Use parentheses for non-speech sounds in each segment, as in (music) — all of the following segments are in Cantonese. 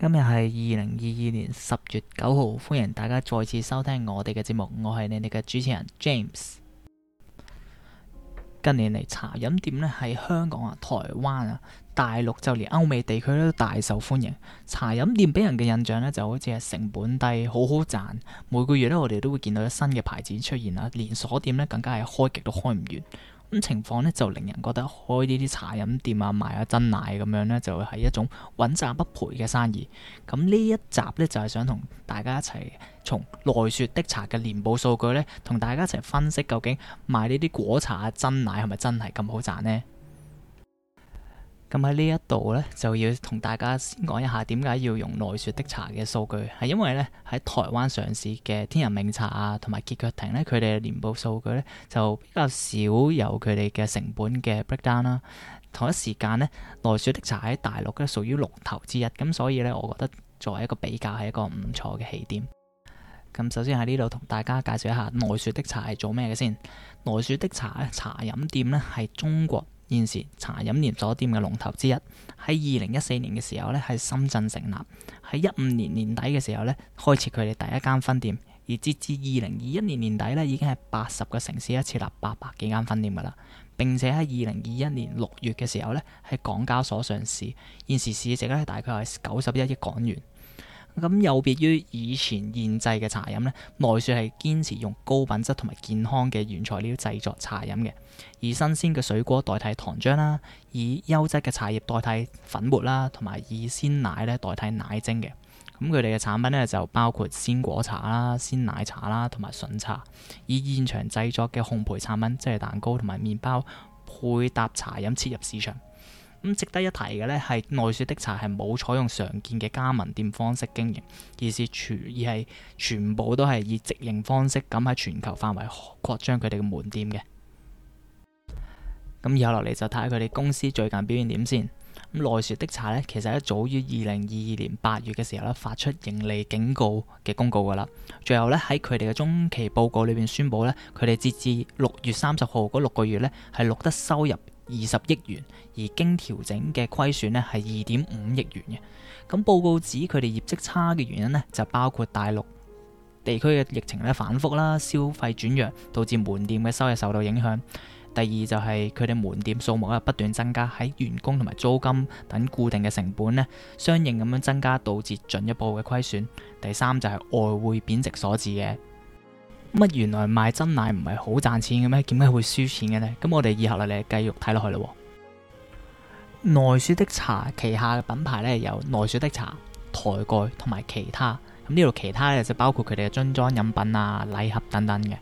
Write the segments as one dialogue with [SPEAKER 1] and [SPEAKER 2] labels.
[SPEAKER 1] 今日係二零二二年十月九號，歡迎大家再次收聽我哋嘅節目。我係你哋嘅主持人 James。近年嚟，茶飲店咧喺香港啊、台灣啊、大陸就連歐美地區都大受歡迎。茶飲店俾人嘅印象咧就好似係成本低，好好賺。每個月咧，我哋都會見到新嘅牌子出現啦。連鎖店咧，更加係開極都開唔完。咁情況咧就令人覺得開呢啲茶飲店啊，賣啊珍奶咁樣咧，就係一種穩賺不賠嘅生意。咁呢一集咧就係想同大家一齊從奈雪的茶嘅年報數據咧，同大家一齊分析究竟賣呢啲果茶啊、珍奶係咪真係咁好賺呢？咁喺呢一度咧，就要同大家先講一下點解要用奈雪的茶嘅數據，係因為咧喺台灣上市嘅天仁茗茶啊，同埋歇腳亭咧，佢哋嘅年報數據咧就比較少有佢哋嘅成本嘅 breakdown 啦。同一時間咧，奈雪的茶喺大陸咧屬於龍頭之一，咁所以咧，我覺得作為一個比較係一個唔錯嘅起點。咁首先喺呢度同大家介紹一下奈雪的茶係做咩嘅先。奈雪的茶咧茶飲店咧係中國現時茶飲連鎖店嘅龍頭之一，喺二零一四年嘅時候咧，喺深圳成立；喺一五年年底嘅時候咧，開設佢哋第一間分店；而截至二零二一年年底咧，已經係八十個城市一設立八百幾間分店噶啦。並且喺二零二一年六月嘅時候咧，喺港交所上市，現時市值咧大概係九十一億港元。咁有別於以前現製嘅茶飲咧，奈雪係堅持用高品質同埋健康嘅原材料製作茶飲嘅，以新鮮嘅水果代替糖漿啦，以優質嘅茶葉代替粉末啦，同埋以鮮奶咧代替奶精嘅。咁佢哋嘅產品呢，就包括鮮果茶啦、鮮奶茶啦同埋純茶，以現場製作嘅烘焙產品，即係蛋糕同埋麵包配搭茶飲切入市場。咁值得一提嘅咧，係奈雪的茶係冇採用常見嘅加盟店方式經營，而是全而係全部都係以直營方式咁喺全球範圍擴張佢哋嘅門店嘅。咁以 (noise) 後落嚟就睇下佢哋公司最近表現點先。咁奈雪的茶咧，其實咧早於二零二二年八月嘅時候咧，發出盈利警告嘅公告噶啦。最後咧喺佢哋嘅中期報告裏邊宣布咧，佢哋截至六月三十號嗰六個月咧係錄得收入，二十億元，而經調整嘅虧損呢係二點五億元嘅。咁報告指佢哋業績差嘅原因呢，就包括大陸地區嘅疫情咧反覆啦，消費轉弱，導致門店嘅收入受到影響。第二就係佢哋門店數目啊不斷增加，喺員工同埋租金等固定嘅成本呢，相應咁樣增加，導致進一步嘅虧損。第三就係外匯貶值所致嘅。乜原來賣珍奶唔係好賺錢嘅咩？點解會輸錢嘅呢？咁我哋以後咧，你繼續睇落去啦。奈雪的茶旗下嘅品牌呢，有奈雪的茶、台蓋同埋其他。咁呢度其他呢，就包括佢哋嘅樽裝飲品啊、禮盒等等嘅。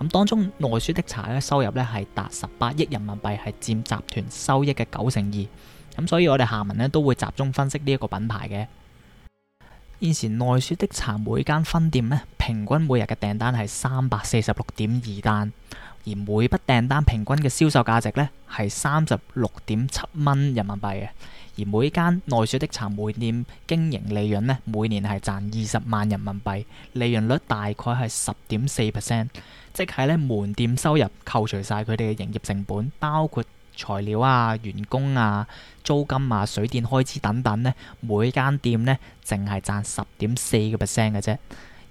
[SPEAKER 1] 咁當中奈雪的茶呢，收入呢係達十八億人民幣，係佔集團收益嘅九成二。咁所以我哋下文呢，都會集中分析呢一個品牌嘅。現時奈雪的茶每間分店呢。平均每日嘅訂單係三百四十六點二單，而每筆訂單平均嘅銷售價值呢係三十六點七蚊人民幣嘅。而每間奈雪的茶門店經營利潤呢，每年係賺二十萬人民幣，利潤率大概係十點四 percent，即係呢門店收入扣除晒佢哋嘅營業成本，包括材料啊、員工啊、租金啊、水電開支等等呢，每間店呢淨係賺十點四個 percent 嘅啫。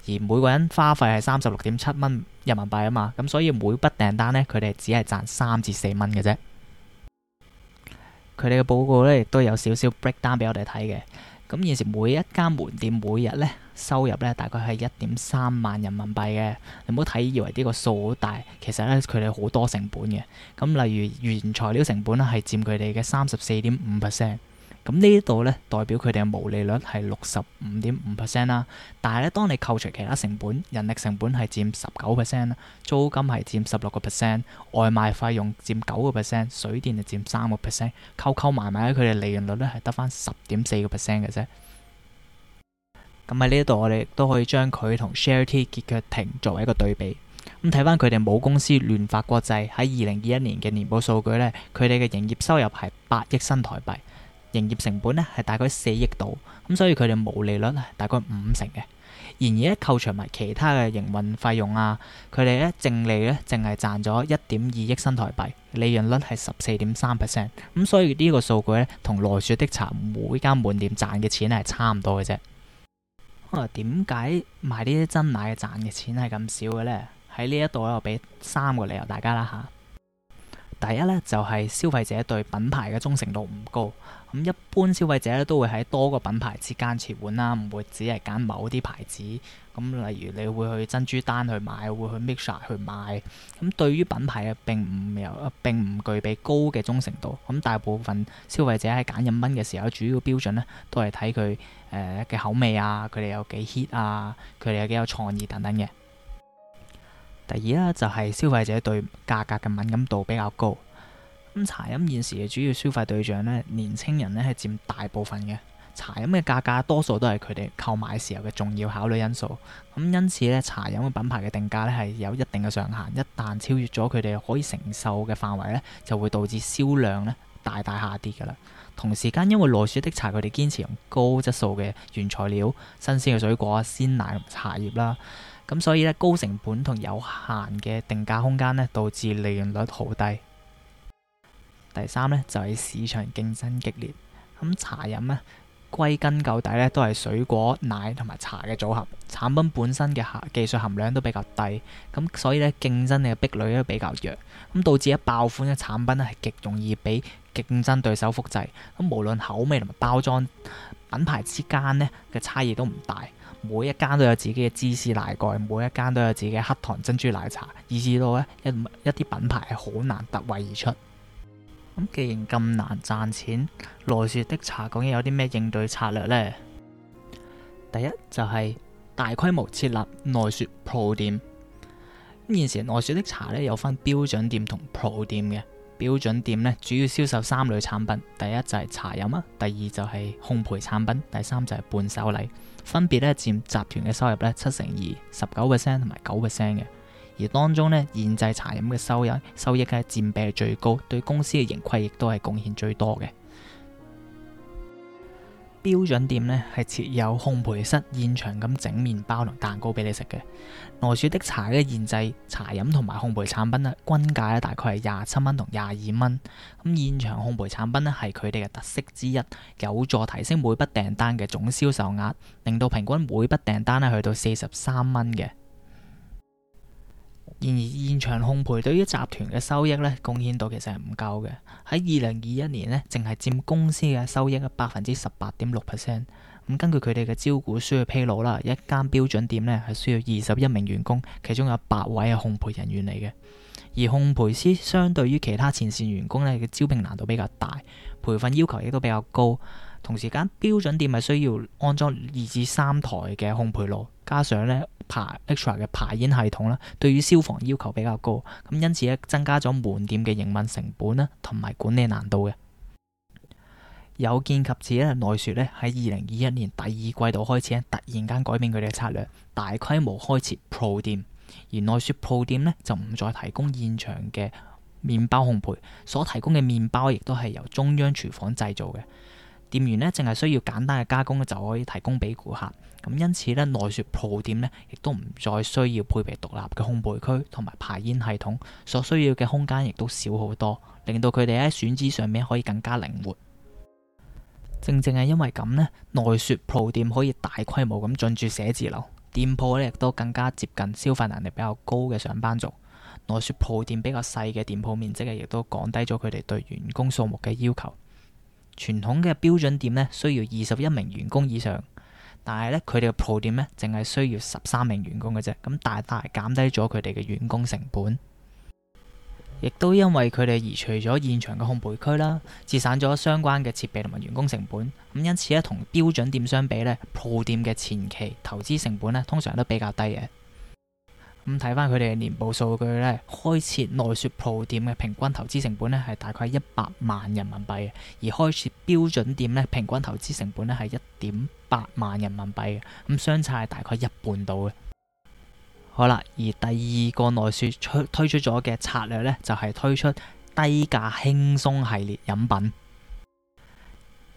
[SPEAKER 1] 而每個人花費係三十六點七蚊人民幣啊嘛，咁所以每筆訂單咧，佢哋只係賺三至四蚊嘅啫。佢哋嘅報告咧，亦都有少少 breakdown 俾我哋睇嘅。咁現時每一間門店每日咧，收入咧，大概係一點三萬人民幣嘅。你唔好睇以為呢個數好大，其實咧，佢哋好多成本嘅。咁例如原材料成本咧，係佔佢哋嘅三十四點五 percent。咁呢度咧，代表佢哋嘅毛利率係六十五點五 percent 啦。但係咧，當你扣除其他成本，人力成本係佔十九 percent 啦，租金係佔十六個 percent，外賣費用佔九個 percent，水電係佔三個 percent，扣扣埋埋咧，佢哋利潤率咧係得翻十點四個 percent 嘅啫。咁喺呢一度，嗯、我哋都可以將佢同 Sharetea 歇腳亭作為一個對比。咁睇翻佢哋母公司聯發國際喺二零二一年嘅年報數據咧，佢哋嘅營業收入係八億新台幣。營業成本咧係大概四億度，咁所以佢哋毛利率係大概五成嘅。然而一扣除埋其他嘅營運費用啊，佢哋咧淨利咧淨係賺咗一點二億新台幣，利潤率係十四點三 percent。咁所以個數呢個數據咧同奈雪的茶每間門店賺嘅錢係差唔多嘅啫。咁啊，點解賣呢啲珍奶嘅賺嘅錢係咁少嘅咧？喺呢一度我俾三個理由大家啦嚇。第一咧就係消費者對品牌嘅忠誠度唔高，咁一般消費者咧都會喺多個品牌之間切換啦，唔會只係揀某啲牌子。咁例如你會去珍珠丹去買，會去 mixer 去買。咁對於品牌嘅並唔有並唔具備高嘅忠誠度。咁大部分消費者喺揀飲品嘅時候，主要標準咧都係睇佢誒嘅口味啊，佢哋有幾 hit 啊，佢哋有幾有創意等等嘅。第二啦，就係、是、消費者對價格嘅敏感度比較高。咁茶飲現時嘅主要消費對象咧，年青人咧係佔大部分嘅。茶飲嘅價格多數都係佢哋購買時候嘅重要考慮因素。咁因此咧，茶飲嘅品牌嘅定價咧係有一定嘅上限。一旦超越咗佢哋可以承受嘅範圍咧，就會導致銷量咧大大下跌噶啦。同時間，因為奈雪的茶，佢哋堅持用高質素嘅原材料、新鮮嘅水果啊、鮮奶茶葉、茶葉啦。咁所以咧，高成本同有限嘅定價空間咧，導致利潤率好低。第三咧，就係市場競爭激烈。咁茶飲咧，歸根究底咧，都係水果奶同埋茶嘅組合，產品本身嘅技術含量都比較低。咁所以咧，競爭力嘅壁壘都比較弱。咁導致一爆款嘅產品咧，係極容易俾競爭對手複製。咁無論口味同埋包裝品牌之間呢，嘅差異都唔大。每一間都有自己嘅芝士奶蓋，每一間都有自己嘅黑糖珍珠奶茶，以至到咧一一啲品牌係好難突圍而出。咁既然咁難賺錢，奈雪的茶究竟有啲咩應對策略呢？第一就係大規模設立奈雪 Pro 店。咁現時奈雪的茶咧，有分標準店同 Pro 店嘅標準店咧，主要銷售三類產品：第一就係茶飲啊，第二就係烘焙產品，第三就係伴手禮。分別咧佔集團嘅收入咧七成二、十九個 percent 同埋九個 percent 嘅，而當中咧現製茶飲嘅收入收益咧佔比係最高，對公司嘅盈虧亦都係貢獻最多嘅。標準店呢係設有烘焙室現的的現、嗯，現場咁整麵包同蛋糕俾你食嘅。奈雪的茶嘅現製茶飲同埋烘焙產品啊，均價呢大概係廿七蚊同廿二蚊。咁現場烘焙產品呢係佢哋嘅特色之一，有助提升每筆訂單嘅總銷售額，令到平均每筆訂單呢去到四十三蚊嘅。然而，現場烘焙對於集團嘅收益咧，貢獻度其實係唔夠嘅。喺二零二一年呢，淨係佔公司嘅收益嘅百分之十八點六。咁根據佢哋嘅招股書嘅披露啦，一間標準店呢係需要二十一名員工，其中有八位係烘焙人員嚟嘅。而烘焙師相對於其他前線員工咧嘅招聘難度比較大，培訓要求亦都比較高。同時間標準店係需要安裝二至三台嘅烘焙爐，加上咧排 extra 嘅排煙系統啦。對於消防要求比較高，咁因此咧增加咗門店嘅營運成本啦，同埋管理難度嘅。有見及此咧，奈雪咧喺二零二一年第二季度開始咧，突然間改變佢哋嘅策略，大規模開設鋪店，im, 而奈雪鋪店咧就唔再提供現場嘅麵包烘焙，所提供嘅麵包亦都係由中央廚房製造嘅。店員咧，淨係需要簡單嘅加工，就可以提供俾顧客。咁因此咧，奈雪 PRO 店咧，亦都唔再需要配備獨立嘅烘焙區同埋排煙系統，所需要嘅空間亦都少好多，令到佢哋喺選址上面可以更加靈活。正正係因為咁咧，奈雪 PRO 店可以大規模咁進駐寫字樓，店鋪咧亦都更加接近消費能力比較高嘅上班族。奈雪 PRO 店比較細嘅店鋪面積亦都降低咗佢哋對員工數目嘅要求。傳統嘅標準店咧，需要二十一名員工以上，但係咧佢哋嘅 PRO 店咧，淨係需要十三名員工嘅啫，咁大大減低咗佢哋嘅員工成本，亦都因為佢哋移除咗現場嘅烘焙區啦，節省咗相關嘅設備同埋員工成本，咁因此咧，同標準店相比咧，PRO 店嘅前期投資成本咧，通常都比較低嘅。咁睇翻佢哋嘅年報數據咧，開設奈雪 PRO 店嘅平均投資成本咧係大概一百萬人民幣，而開設標準店咧平均投資成本咧係一點八萬人民幣，咁相差係大概一半到嘅。好啦，而第二個奈雪推推出咗嘅策略咧，就係、是、推出低價輕鬆系列飲品。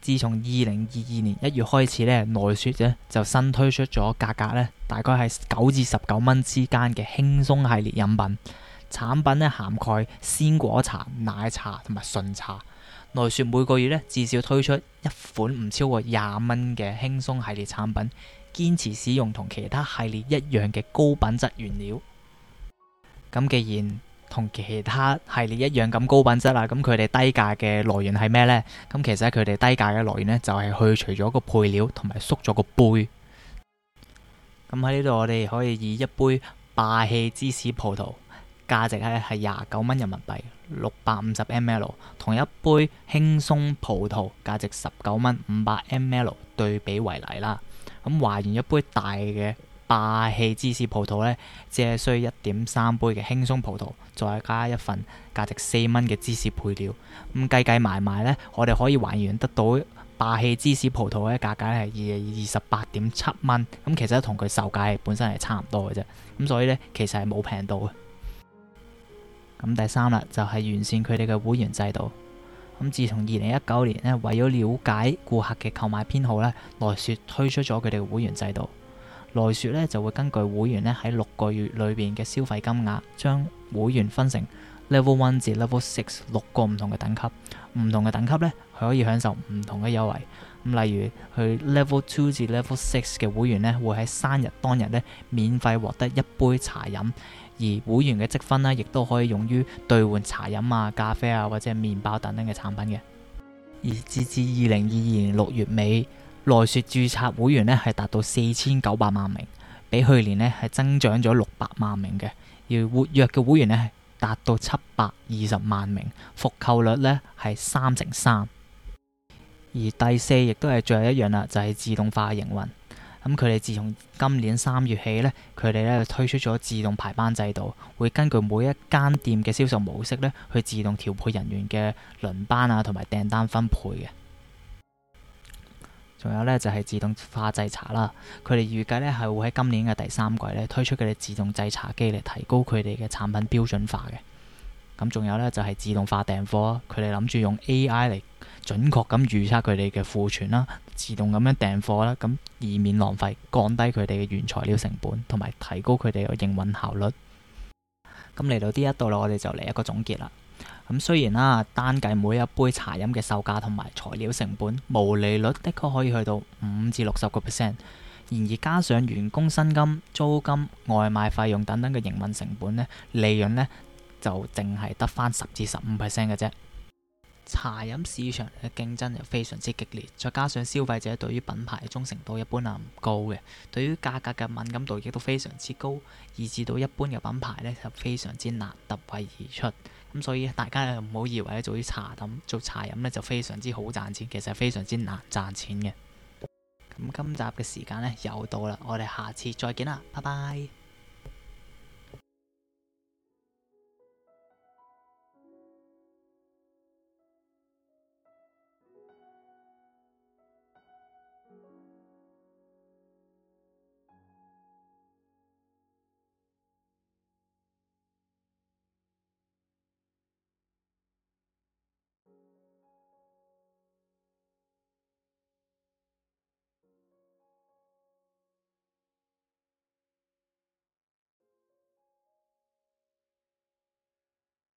[SPEAKER 1] 自從二零二二年一月開始咧，奈雪咧就新推出咗價格咧大概係九至十九蚊之間嘅輕鬆系列飲品。產品咧涵蓋鮮果茶、奶茶同埋純茶。奈雪每個月咧至少推出一款唔超過廿蚊嘅輕鬆系列產品，堅持使用同其他系列一樣嘅高品質原料。咁既然同其他系列一樣咁高品質啦，咁佢哋低價嘅來源係咩呢？咁其實佢哋低價嘅來源呢，就係去除咗個配料同埋縮咗個杯。咁喺呢度我哋可以以一杯霸氣芝士葡萄價值咧係廿九蚊人民幣、六百五十 mL，同一杯輕鬆葡萄價值十九蚊、五百 mL 對比為例啦。咁還原一杯大嘅。霸氣芝士葡萄咧，只係需要一點三杯嘅輕鬆葡萄，再加一份價值四蚊嘅芝士配料。咁計計埋埋咧，我哋可以還原得到霸氣芝士葡萄嘅價格係二二十八點七蚊。咁、嗯、其實同佢售價本身係差唔多嘅啫。咁、嗯、所以咧，其實係冇平到嘅。咁、嗯、第三啦，就係、是、完善佢哋嘅會員制度。咁、嗯、自從二零一九年咧，為咗了，了解顧客嘅購買偏好咧，奈雪推出咗佢哋嘅會員制度。來説咧，就會根據會員咧喺六個月裏邊嘅消費金額，將會員分成 level one 至 level six 六個唔同嘅等級，唔同嘅等級咧，佢可以享受唔同嘅優惠。咁例如，去 level two 至 level six 嘅會員咧，會喺生日當日咧，免費獲得一杯茶飲，而會員嘅積分呢，亦都可以用於兌換茶飲啊、咖啡啊或者係麵包等等嘅產品嘅。而截至二零二二年六月尾，奈雪註冊會員咧係達到四千九百萬名，比去年咧係增長咗六百萬名嘅，而活躍嘅會員咧係達到七百二十萬名，複購率咧係三成三。而第四亦都係最後一樣啦，就係自動化營運。咁佢哋自從今年三月起咧，佢哋咧推出咗自動排班制度，會根據每一間店嘅銷售模式咧，去自動調配人員嘅輪班啊，同埋訂單分配嘅。仲有咧就係自動化製茶啦，佢哋預計咧係會喺今年嘅第三季咧推出佢哋自動製茶機嚟提高佢哋嘅產品標準化嘅。咁仲有咧就係自動化訂貨，佢哋諗住用 AI 嚟準確咁預測佢哋嘅庫存啦，自動咁樣訂貨啦，咁以免浪費，降低佢哋嘅原材料成本，同埋提高佢哋嘅營運效率。咁嚟到呢一度啦，我哋就嚟一個總結啦。咁雖然啦、啊，單計每一杯茶飲嘅售價同埋材料成本，毛利率的確可以去到五至六十個 percent。然而加上員工薪金、租金、外賣費用等等嘅營運成本咧，利潤咧就淨係得翻十至十五 percent 嘅啫。茶飲市場嘅競爭又非常之激烈，再加上消費者對於品牌嘅忠誠度一般啊唔高嘅，對於價格嘅敏感度亦都非常之高，以至到一般嘅品牌咧就非常之難突圍而出。咁所以大家又唔好以為咧做啲茶飲，做茶飲咧就非常之好賺錢，其實係非常之難賺錢嘅。咁今集嘅時間咧又到啦，我哋下次再見啦，拜拜。